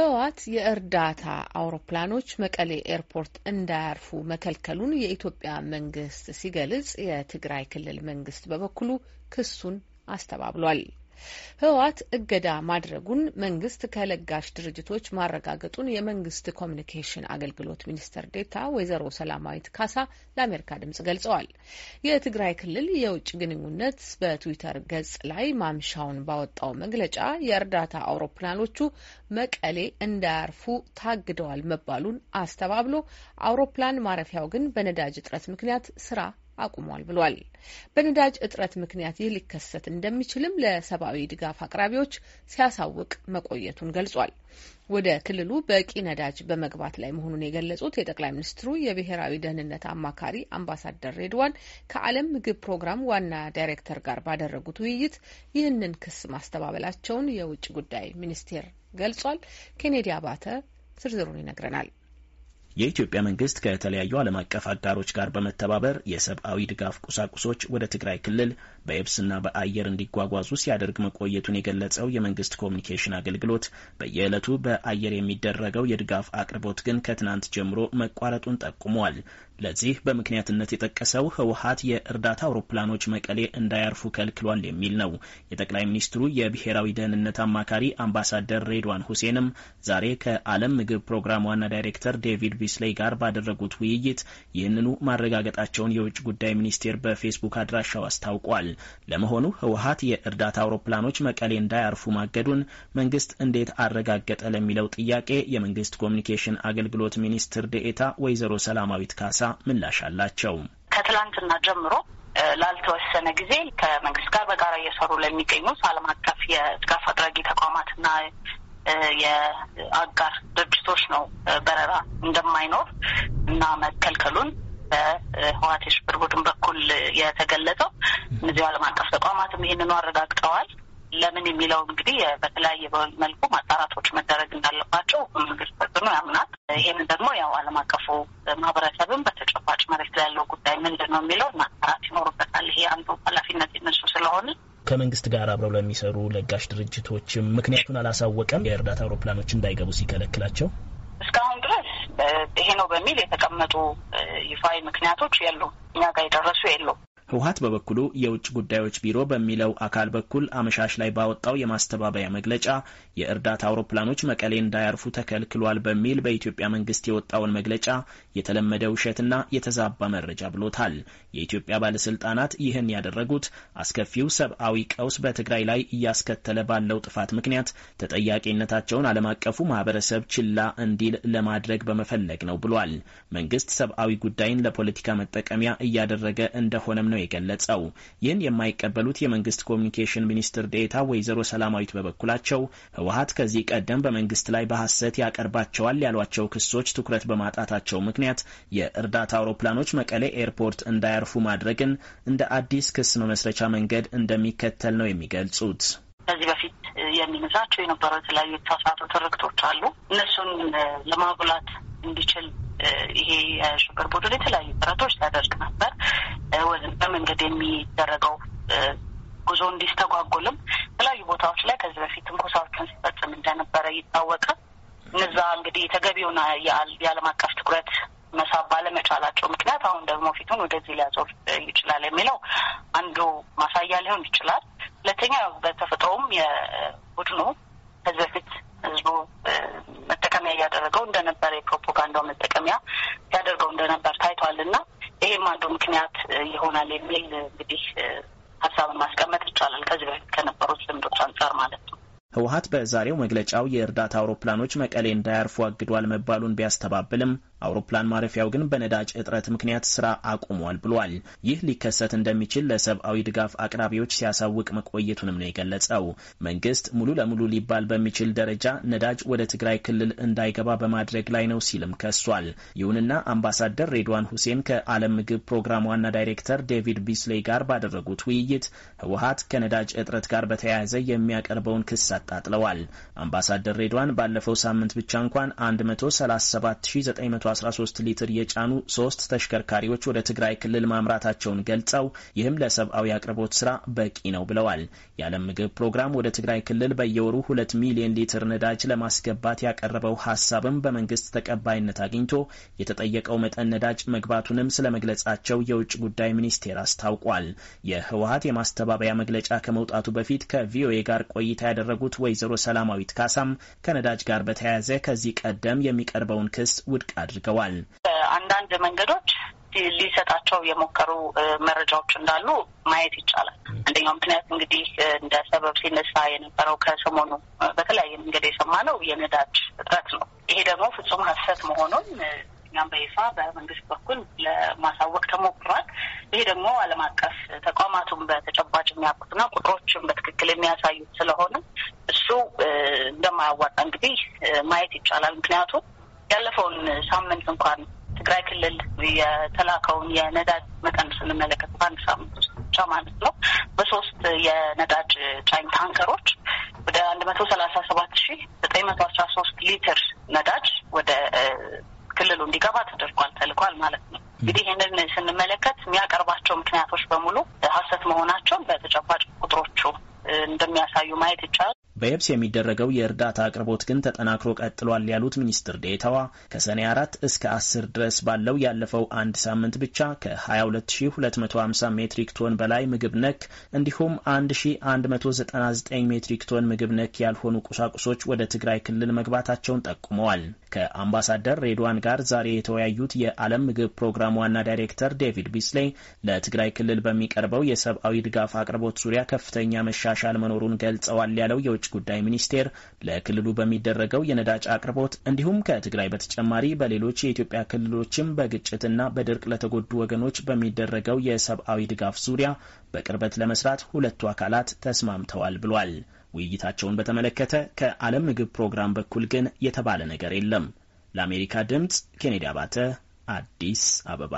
ህወሓት የእርዳታ አውሮፕላኖች መቀሌ ኤርፖርት እንዳያርፉ መከልከሉን የኢትዮጵያ መንግስት ሲገልጽ የትግራይ ክልል መንግስት በበኩሉ ክሱን አስተባብሏል። ህወሓት እገዳ ማድረጉን መንግስት ከለጋሽ ድርጅቶች ማረጋገጡን የመንግስት ኮሚኒኬሽን አገልግሎት ሚኒስትር ዴታ ወይዘሮ ሰላማዊት ካሳ ለአሜሪካ ድምጽ ገልጸዋል። የትግራይ ክልል የውጭ ግንኙነት በትዊተር ገጽ ላይ ማምሻውን ባወጣው መግለጫ የእርዳታ አውሮፕላኖቹ መቀሌ እንዳያርፉ ታግደዋል መባሉን አስተባብሎ አውሮፕላን ማረፊያው ግን በነዳጅ እጥረት ምክንያት ስራ አቁሟል ብሏል። በነዳጅ እጥረት ምክንያት ይህ ሊከሰት እንደሚችልም ለሰብአዊ ድጋፍ አቅራቢዎች ሲያሳውቅ መቆየቱን ገልጿል። ወደ ክልሉ በቂ ነዳጅ በመግባት ላይ መሆኑን የገለጹት የጠቅላይ ሚኒስትሩ የብሔራዊ ደህንነት አማካሪ አምባሳደር ሬድዋን ከዓለም ምግብ ፕሮግራም ዋና ዳይሬክተር ጋር ባደረጉት ውይይት ይህንን ክስ ማስተባበላቸውን የውጭ ጉዳይ ሚኒስቴር ገልጿል። ኬኔዲ አባተ ዝርዝሩን ይነግረናል። የኢትዮጵያ መንግስት ከተለያዩ ዓለም አቀፍ አጋሮች ጋር በመተባበር የሰብአዊ ድጋፍ ቁሳቁሶች ወደ ትግራይ ክልል በየብስና በአየር እንዲጓጓዙ ሲያደርግ መቆየቱን የገለጸው የመንግስት ኮሚኒኬሽን አገልግሎት በየዕለቱ በአየር የሚደረገው የድጋፍ አቅርቦት ግን ከትናንት ጀምሮ መቋረጡን ጠቁሟል። ለዚህ በምክንያትነት የጠቀሰው ህወሀት የእርዳታ አውሮፕላኖች መቀሌ እንዳያርፉ ከልክሏል የሚል ነው። የጠቅላይ ሚኒስትሩ የብሔራዊ ደህንነት አማካሪ አምባሳደር ሬድዋን ሁሴንም ዛሬ ከዓለም ምግብ ፕሮግራም ዋና ዳይሬክተር ዴቪድ ቢስሌይ ጋር ባደረጉት ውይይት ይህንኑ ማረጋገጣቸውን የውጭ ጉዳይ ሚኒስቴር በፌስቡክ አድራሻው አስታውቋል። ለመሆኑ ህወሀት የእርዳታ አውሮፕላኖች መቀሌ እንዳያርፉ ማገዱን መንግስት እንዴት አረጋገጠ ለሚለው ጥያቄ የመንግስት ኮሚኒኬሽን አገልግሎት ሚኒስትር ደኤታ ወይዘሮ ሰላማዊት ካሳ ምላሽ አላቸው። ከትላንትና ጀምሮ ላልተወሰነ ጊዜ ከመንግስት ጋር በጋራ እየሰሩ ለሚገኙት ዓለም አቀፍ የድጋፍ አድራጊ ተቋማትና የአጋር ድርጅቶች ነው በረራ እንደማይኖር እና መከልከሉን በህወሓት የሽብር ቡድን በኩል የተገለጸው። እነዚሁ ዓለም አቀፍ ተቋማትም ይህንኑ አረጋግጠዋል። ለምን የሚለው እንግዲህ በተለያየ መልኩ ማጣራቶች መደረግ እንዳለባቸው መንግስት ፈጽሞ ያምናል። ይህንን ደግሞ ያው ዓለም አቀፉ ማህበረሰብም በተጨባጭ መሬት ላይ ያለው ጉዳይ ምንድን ነው የሚለው ማጣራት ይኖርበታል። ይሄ አንዱ ኃላፊነት የነሱ ስለሆነ ከመንግስት ጋር አብረው ለሚሰሩ ለጋሽ ድርጅቶችም ምክንያቱን አላሳወቀም። የእርዳታ አውሮፕላኖች እንዳይገቡ ሲከለክላቸው በሚል የተቀመጡ ይፋዊ ምክንያቶች የሉም። እኛ ጋር የደረሱ የሉም። ህውሀት በበኩሉ የውጭ ጉዳዮች ቢሮ በሚለው አካል በኩል አመሻሽ ላይ ባወጣው የማስተባበያ መግለጫ የእርዳታ አውሮፕላኖች መቀሌ እንዳያርፉ ተከልክሏል በሚል በኢትዮጵያ መንግስት የወጣውን መግለጫ የተለመደ ውሸትና የተዛባ መረጃ ብሎታል። የኢትዮጵያ ባለስልጣናት ይህን ያደረጉት አስከፊው ሰብአዊ ቀውስ በትግራይ ላይ እያስከተለ ባለው ጥፋት ምክንያት ተጠያቂነታቸውን ዓለም አቀፉ ማህበረሰብ ችላ እንዲል ለማድረግ በመፈለግ ነው ብሏል። መንግስት ሰብአዊ ጉዳይን ለፖለቲካ መጠቀሚያ እያደረገ እንደሆነም ነው ነው የገለጸው። ይህን የማይቀበሉት የመንግስት ኮሚኒኬሽን ሚኒስትር ዴታ ወይዘሮ ሰላማዊት በበኩላቸው ህወሀት ከዚህ ቀደም በመንግስት ላይ በሀሰት ያቀርባቸዋል ያሏቸው ክሶች ትኩረት በማጣታቸው ምክንያት የእርዳታ አውሮፕላኖች መቀሌ ኤርፖርት እንዳያርፉ ማድረግን እንደ አዲስ ክስ መመስረቻ መንገድ እንደሚከተል ነው የሚገልጹት። ከዚህ በፊት የሚነዛቸው የነበረ የተለያዩ የተሳሳቱ ትርክቶች አሉ። እነሱን ለማጉላት እንዲችል ይሄ የሽብር ቡድን የተለያዩ ጥረቶች ሲያደርግ ነበር። በመንገድ የሚደረገው ጉዞ እንዲስተጓጎልም የተለያዩ ቦታዎች ላይ ከዚህ በፊት ትንኮሳዎችን ሲፈጽም እንደነበረ ይታወቃል። እነዛ እንግዲህ ተገቢውን የዓለም አቀፍ ትኩረት መሳብ ባለመቻላቸው ምክንያት አሁን ደግሞ ፊቱን ወደዚህ ሊያዞር ይችላል የሚለው አንዱ ማሳያ ሊሆን ይችላል። ሁለተኛ በተፈጥሮውም የቡድኑ የሚል እንግዲህ ሀሳብን ማስቀመጥ ይቻላል ከዚህ በፊት ከነበሩት ልምዶች አንጻር ማለት ነው። ህወሀት በዛሬው መግለጫው የእርዳታ አውሮፕላኖች መቀሌ እንዳያርፉ አግዷል መባሉን ቢያስተባብልም አውሮፕላን ማረፊያው ግን በነዳጅ እጥረት ምክንያት ስራ አቁሟል ብሏል። ይህ ሊከሰት እንደሚችል ለሰብአዊ ድጋፍ አቅራቢዎች ሲያሳውቅ መቆየቱንም ነው የገለጸው። መንግስት ሙሉ ለሙሉ ሊባል በሚችል ደረጃ ነዳጅ ወደ ትግራይ ክልል እንዳይገባ በማድረግ ላይ ነው ሲልም ከሷል። ይሁንና አምባሳደር ሬድዋን ሁሴን ከዓለም ምግብ ፕሮግራም ዋና ዳይሬክተር ዴቪድ ቢስሌይ ጋር ባደረጉት ውይይት ህወሀት ከነዳጅ እጥረት ጋር በተያያዘ የሚያቀርበውን ክስ አጣጥለዋል። አምባሳደር ሬድዋን ባለፈው ሳምንት ብቻ እንኳን 1379 113 ሊትር የጫኑ ሶስት ተሽከርካሪዎች ወደ ትግራይ ክልል ማምራታቸውን ገልጸው ይህም ለሰብአዊ አቅርቦት ስራ በቂ ነው ብለዋል። የዓለም ምግብ ፕሮግራም ወደ ትግራይ ክልል በየወሩ ሁለት ሚሊዮን ሊትር ነዳጅ ለማስገባት ያቀረበው ሀሳብም በመንግስት ተቀባይነት አግኝቶ የተጠየቀው መጠን ነዳጅ መግባቱንም ስለ መግለጻቸው የውጭ ጉዳይ ሚኒስቴር አስታውቋል። የህወሀት የማስተባበያ መግለጫ ከመውጣቱ በፊት ከቪኦኤ ጋር ቆይታ ያደረጉት ወይዘሮ ሰላማዊት ካሳም ከነዳጅ ጋር በተያያዘ ከዚህ ቀደም የሚቀርበውን ክስ ውድቅ አድርገዋል። አድርገዋል። አንዳንድ መንገዶች ሊሰጣቸው የሞከሩ መረጃዎች እንዳሉ ማየት ይቻላል። አንደኛው ምክንያት እንግዲህ እንደ ሰበብ ሲነሳ የነበረው ከሰሞኑ በተለያየ መንገድ የሰማነው የነዳጅ እጥረት ነው። ይሄ ደግሞ ፍጹም ሐሰት መሆኑን እኛም በይፋ በመንግስት በኩል ለማሳወቅ ተሞክሯል። ይሄ ደግሞ ዓለም አቀፍ ተቋማቱን በተጨባጭ የሚያውቁትና ቁጥሮችን በትክክል የሚያሳዩት ስለሆነ እሱ እንደማያዋጣ እንግዲህ ማየት ይቻላል። ምክንያቱም ያለፈውን ሳምንት እንኳን ትግራይ ክልል የተላከውን የነዳጅ መጠን ስንመለከት በአንድ ሳምንት ውስጥ ብቻ ማለት ነው በሶስት የነዳጅ ጫኝ ታንከሮች ወደ አንድ መቶ ሰላሳ ሰባት ሺ ዘጠኝ መቶ አስራ ሶስት ሊትር ነዳጅ ወደ ክልሉ እንዲገባ ተደርጓል፣ ተልኳል ማለት ነው። እንግዲህ ይህንን ስንመለከት የሚያቀርባቸው ምክንያቶች በሙሉ ሀሰት መሆናቸውን በተጨባጭ ቁጥሮቹ እንደሚያሳዩ ማየት ይቻላል። በየብስ የሚደረገው የእርዳታ አቅርቦት ግን ተጠናክሮ ቀጥሏል ያሉት ሚኒስትር ዴታዋ ከሰኔ አራት እስከ አስር ድረስ ባለው ያለፈው አንድ ሳምንት ብቻ ከ22250 ሜትሪክ ቶን በላይ ምግብ ነክ እንዲሁም 1199 ሜትሪክ ቶን ምግብ ነክ ያልሆኑ ቁሳቁሶች ወደ ትግራይ ክልል መግባታቸውን ጠቁመዋል። ከአምባሳደር ሬድዋን ጋር ዛሬ የተወያዩት የዓለም ምግብ ፕሮግራም ዋና ዳይሬክተር ዴቪድ ቢስሌይ ለትግራይ ክልል በሚቀርበው የሰብአዊ ድጋፍ አቅርቦት ዙሪያ ከፍተኛ መሻሻል መኖሩን ገልጸዋል ያለው የውጭ ጉዳይ ሚኒስቴር ለክልሉ በሚደረገው የነዳጅ አቅርቦት እንዲሁም ከትግራይ በተጨማሪ በሌሎች የኢትዮጵያ ክልሎችም በግጭትና በድርቅ ለተጎዱ ወገኖች በሚደረገው የሰብአዊ ድጋፍ ዙሪያ በቅርበት ለመስራት ሁለቱ አካላት ተስማምተዋል ብሏል። ውይይታቸውን በተመለከተ ከዓለም ምግብ ፕሮግራም በኩል ግን የተባለ ነገር የለም። ለአሜሪካ ድምፅ ኬኔዲ አባተ አዲስ አበባ